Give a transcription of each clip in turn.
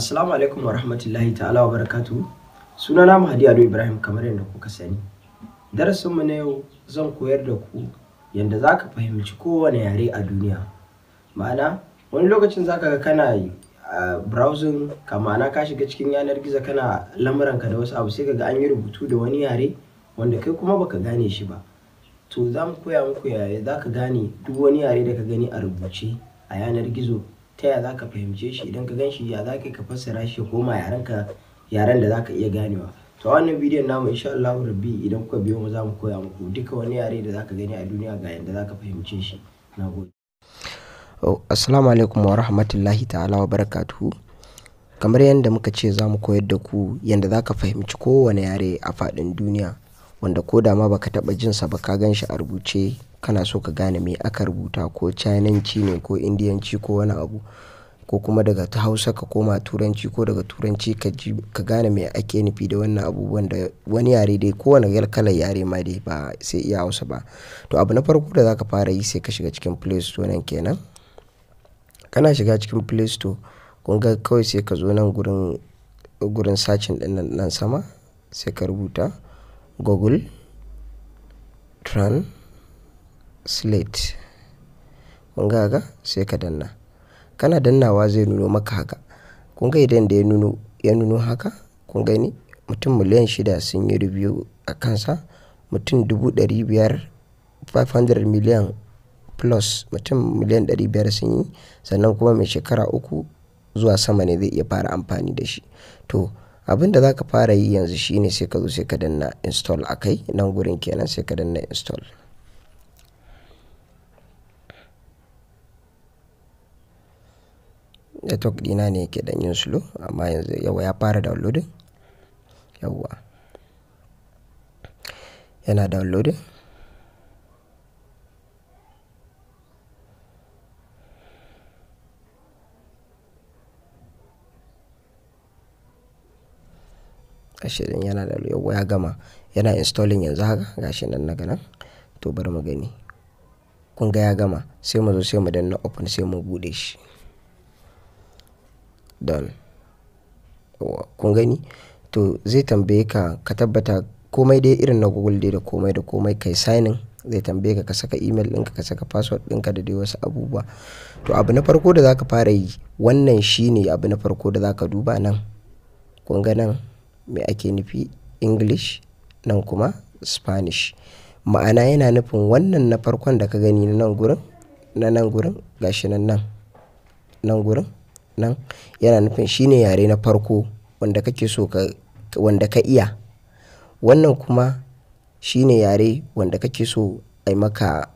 Assalamu alaikum wa rahmatullahi ta'ala wa barakatu. Sunana Mahadi Ado Ibrahim kamar yadda kuka sani. Darasinmu na yau zan koyar da ku yadda za ka fahimci kowane yare a duniya. Ma'ana, wani lokacin za ka ga kana uh, browsing ka ma'ana ka shiga cikin yanar gizo kana lamuranka da wasu abu sai ka ga an yi rubutu da wani yare wanda kai kuma baka gane shi ba. To za mu koya muku yaya za ka gane duk wani yare da ka gani a rubuce a yanar gizo ta yaya za ka fahimce shi idan ka gan shi ya za ka fassara shi koma yaren yaren da za ka iya ganewa to wannan bidiyon namu insha Allah rabbi idan kuka biyo mu za mu koya muku duka wani yare da za ka gani a duniya ga yanda za ka fahimce shi na gode oh, assalamu alaikum wa rahmatullahi ta'ala wa barakatuhu kamar yadda muka ce za mu koyar da ku yadda za ka fahimci kowane yare a faɗin duniya wanda ko da ma baka taɓa jinsa ba ka gan shi a rubuce kana so ka gane me aka rubuta ko Chinanci ne ko Indiyanci ko wani abu ko kuma daga ta Hausa ka koma Turanci ko daga Turanci ka gane me ake nufi da wannan abubuwan da wani yare dai ko wani kalar yare ma dai ba sai iya Hausa ba. To abu na farko da zaka fara yi sai ka shiga cikin Play Store nan kenan. Kana shiga cikin Play Store kun ga kawai sai ka zo nan gurin, gurin searching nan, sama sai ka rubuta Google Tran. slate kun ga sai ka danna kana dannawa zai nuno maka haka kun ga idan da ya nuno haka kun gani mutum miliyan shida sun yi review a kansa mutum dubu dari biyar 500 miliyan plus mutum miliyan dari biyar sun yi sannan kuma mai shekara uku zuwa sama ne zai iya fara amfani da shi to abinda da za ka fara yi yanzu shine sai ka zo sai ka danna install a kai nan gurin kenan sai ka danna install Network dina ne yake dan yin slow amma yanzu yawa ya fara downloading. yawa Yana downloading. ashirin yana da yawa ya gama yana installing yanzu haka gashi nan na ganin to bari mu gani kun ga ya gama sai mu zo sai mu danna open sai mu bude shi don kun gani to zai tambaye ka ka tabbata komai dai irin na google dai da komai da komai kai signing zai tambaye ka ka saka email ɗinka ka saka password ɗinka da dai wasu abubuwa to abu na farko da zaka fara yi wannan shine abu na farko da zaka duba nan kun ga nan me ake nufi english nan kuma spanish ma'ana yana nufin wannan na farkon da ka gani na nan gurin na nan gurin gashi nan nan nan gurin nan yana nufin shine yare na farko wanda kake so ka wanda ka iya wannan kuma shine yare wanda kake so ai maka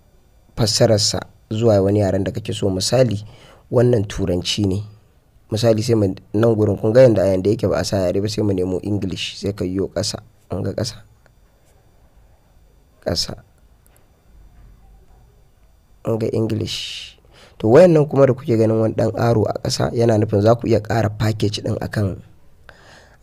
fassararsa zuwa wani yaren da kake so misali wannan turanci ne misali sai mu nan gurin kun ga yanda a yanda yake ba a sa yare ba sai mu nemo english sai ka yi ƙasa an ga ƙasa ƙasa an ga english to wayannan kuma da kuke ganin wani dan aro a ƙasa yana nufin za ku iya ƙara package din akan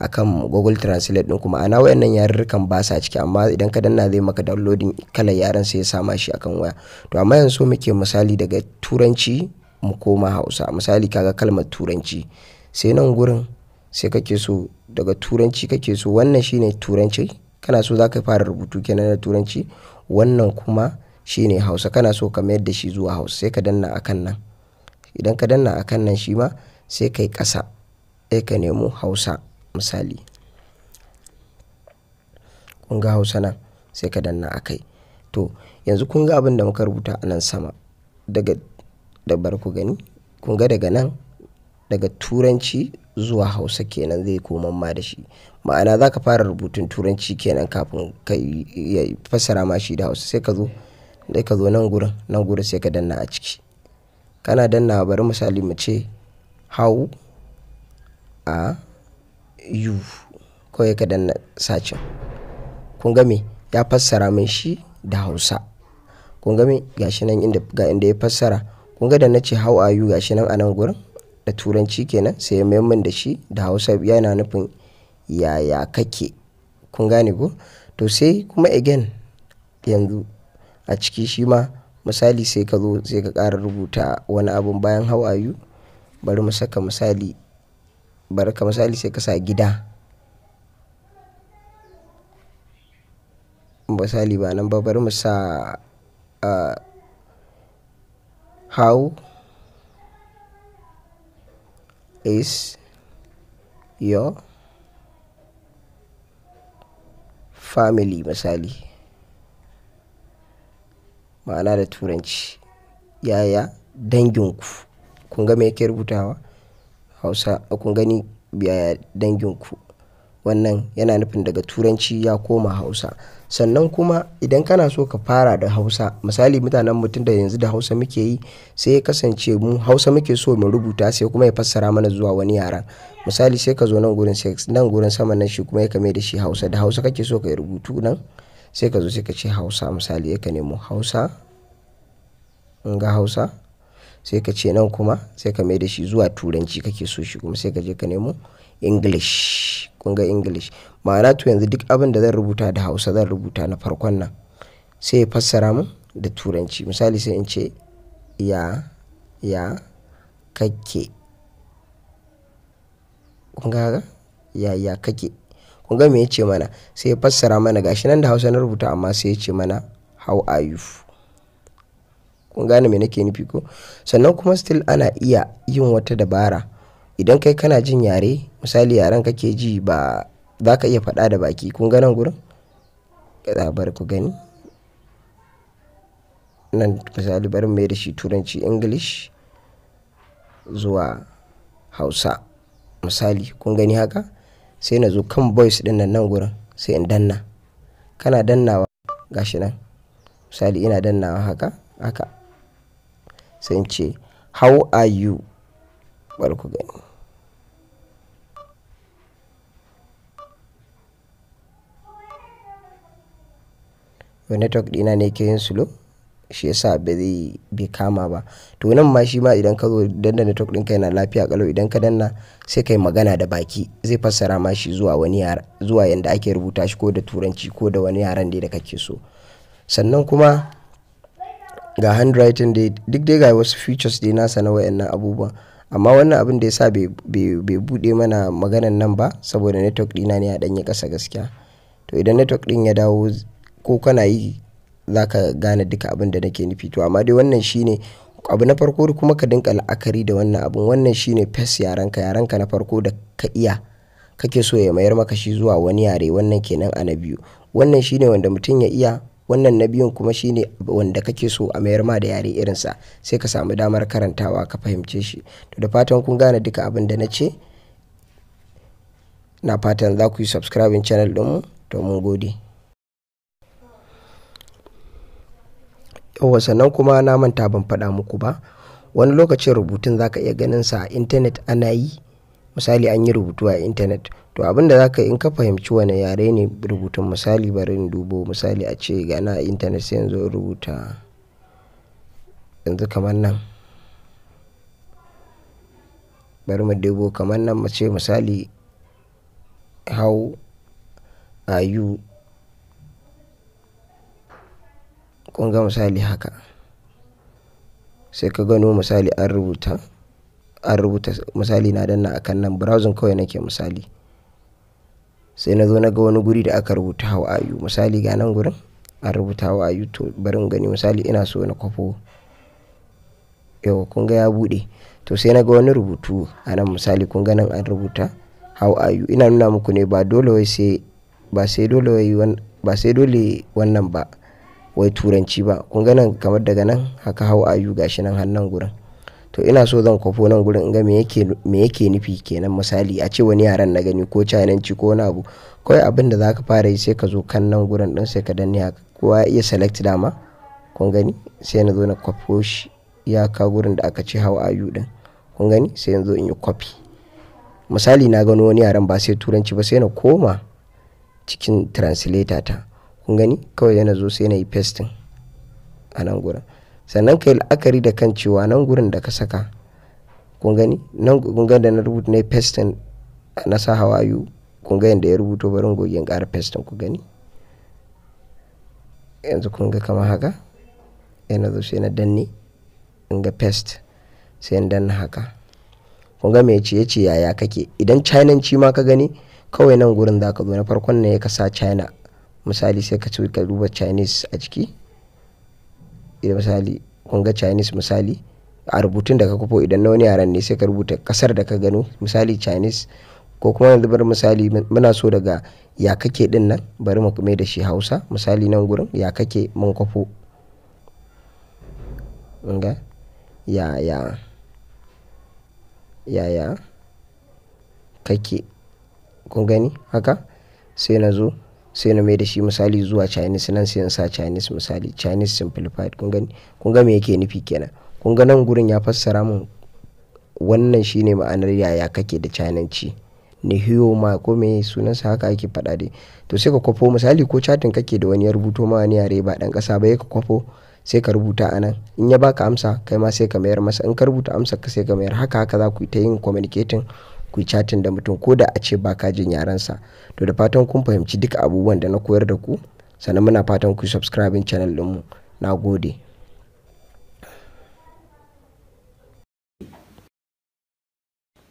akan google translate din kuma ana wayannan yarurrukan ba sa ciki amma idan ka danna zai maka downloading kalar yaren sai ya sama shi akan waya to amma yanzu muke misali daga turanci mu koma hausa misali kaga kalmar turanci sai nan gurin sai kake so daga turanci kake so wannan shine turanci kana so za ka fara rubutu kenan na turanci wannan kuma shi ne hausa kana so ka mayar da shi zuwa hausa sai ka danna a kan nan idan ka danna a kan nan shi ma sai kai ƙasa sai ka nemo hausa misali kun ga hausa nan sai ka danna kai to yanzu kun ga abin da muka rubuta a nan sama daga dabar ku gani kun ga daga nan daga turanci zuwa hausa kenan zai koma ma da shi ma'ana za ka fara rubutun turanci kenan kafin ka fassara ma shi da hausa sai ka zo dai ka zo nan gurin nan gurin sai ka danna a ciki kana danna bari misali mu ce how a you kawai ka danna sacin kun ga ya fassara min shi da hausa kun ga me gashi nan inda ga inda ya fassara kun ga danna na ce how are you gashi nan a nan gurin da turanci kenan sai ya mayar min da shi da hausa yana nufin yaya kake kun gane ko to sai kuma again yanzu a ciki shi ma misali sai ka zo sai ka ƙara rubuta wani abun bayan hawayu bari mu saka misali bari ka misali sai ka sa gida misali ba nan ba bari mu sa uh, how is your family misali ma'ana da turanci yaya danginku kun ga me yake rubutawa hausa kun gani yaya danginku wannan yana nufin daga turanci ya koma hausa sannan kuma idan kana so ka fara da hausa misali mutanen mutum da yanzu da hausa muke yi sai ya kasance mu hausa muke so mu rubuta sai kuma ya fassara mana zuwa wani yaren misali sai ka zo nan gurin nan gurin sama nan shi kuma ya kame da shi hausa da hausa kake so ka rubutu nan sai ka zo sai ka ce hausa misali ya ka nemo hausa in ga hausa sai ka ce nan kuma sai ka mai da shi zuwa turanci kake so shi kuma sai ka je ka nemo english kun ga english ma'ana to yanzu duk abin da zan rubuta da hausa zan rubuta na farkon nan sai ya fassara mu da turanci misali sai in ce ya ya kake kun ya ya kake kun ga me ya ce mana sai ya fassara mana gashi nan da hausa na rubuta amma sai ya ce mana how are you kun gane me nake nufi ko sannan kuma still ana iya yin wata dabara idan kai kana jin yare misali yaren kake ji ba za ka iya faɗa da baki kun ga nan gurin bar ku gani nan misali barin mai da shi turanci english zuwa hausa misali kun gani haka sai na zo kan boys din nan nan gurin sai in danna kana dannawa gashi nan misali ina dannawa haka haka sai in ce how are you gani network dina ne ke yin slow shi yasa ba zai bai kama ba to nan ma shi ma idan ka zo danna network kai na lafiya kalau idan ka danna sai kai magana da baki zai fassara ma shi zuwa wani yara zuwa yanda ake rubuta shi ko da turanci ko da wani yaran da kake so sannan kuma ga handwriting dai duk dai ga wasu features dai nasa na wayannan abubuwa amma wannan abin da yasa bai bude mana maganan nan ba saboda network dina ne ya danye kasa gaskiya to idan network din ya dawo ko kana yi za ka gane duka abin da nake nufi to amma dai wannan shine abu na farko kuma ka dinka la'akari da wannan abun wannan shine fes yarenka yarenka na farko da ka iya kake so ya mayar maka shi zuwa wani yare wannan kenan a na biyu wannan shine wanda mutum ya iya wannan na biyun kuma shine wanda kake so a mayar ma da yare irinsa sai ka samu damar karantawa ka fahimce shi to da fatan kun gane duka abin da na ce na fatan za ku yi subscribing channel ɗinmu to mun gode yawwa sannan kuma na manta ban faɗa muku ba wani lokacin rubutun zaka iya ganin sa a intanet ana yi misali an yi rubutu a intanet to abin da zaka in ka fahimci wani yare ne rubutun misali bari in dubo misali a ce gana a intanet sai yanzu rubuta yanzu kamar nan bari mu dubo kamar nan mu ce misali how are you kun ga misali haka sai ka gano misali an rubuta an rubuta misali na danna a kan nan browsing kawai nake misali sai na zo na ga wani guri da aka rubuta hawa ayu misali ga nan gurin an rubuta hawa ayu to barin gani misali ina so na kwafo yau kun ga ya bude to sai na ga wani rubutu a nan misali kun ga nan an rubuta how are you ina nuna muku ne ba dole wai sai ba sai dole wai ba sai dole wannan ba wai turanci ba kun ganin kamar daga nan haka hau ayu gashi nan hannun gurin to ina so zan kwafo nan gurin in ga me yake nufi kenan misali a ce wani yaran na gani ko chinanci ko wani abu kawai abin da zaka fara yi sai ka zo kan nan gurin din sai ka danne kowa ya iya select dama kun gani sai na zo na kwafo shi ka gurin da aka ce hau ayu din kun gani sai yanzu in yi copy misali na gano wani yaran ba sai turanci ba sai na koma cikin translator ta kun gani kawai yana zo sai na yi pestin a nan gurin sannan ka yi la'akari da kan cewa nan gurin da ka saka kun gani nan gungan da na rubuta na pestin na sa hawayu kun ga yadda ya rubuto barin gogin ƙara pestin ku gani yanzu kun ga kamar haka yana zo sai na danne in ga pest sai in danna haka kun ga me ce ya ce yaya kake idan chinanci ma ka gani kawai nan gurin za ka zo na farkon ne ka sa china misali sai ka ci ka duba chinese a ciki idan misali kun ga chinese misali a rubutun da ka kufo idan na wani yaran ne sai ka rubuta kasar da ka gano misali chinese ko kuma yanzu bar misali muna so daga ya kake din nan bari mu kuma da shi hausa misali nan gurin ya kake mun kwafo nga ya ya ya ya kake kun gani haka sai na zo sai na mai da shi misali zuwa chinese nan sai sa chinese misali chinese simplified kun gani kun ga me yake nufi kenan kun ga nan gurin ya fassara mun wannan shine ma'anar yaya kake da chinanci ne hiyo ma ko me sa haka ake fada dai to sai ka kwafo misali ko chatin kake da wani ya rubuto ma wani yare ba dan kasa ba ya ka kwafo sai ka rubuta a nan in ya baka amsa kai ma sai ka mayar masa in ka rubuta amsa ka sai ka mayar haka haka za ku yi ta yin communicating ku yi chatin da mutum ko da a ce ba ka jin yarensa to da fatan kun fahimci duka abubuwan da na koyar da ku sannan muna fatan ku subscribing channel ɗinmu na gode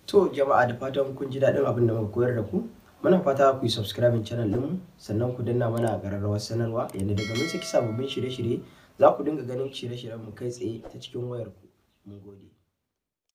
to jama'a da fatan kun ji daɗin abin da muka koyar da ku muna fata ku yi subscribing channel mu sannan ku danna mana ƙararrawar sanarwa yadda daga mun saki sababbin shirye-shirye za ku dinga ganin shirye-shiryen mu kai tsaye ta cikin wayar ku mun gode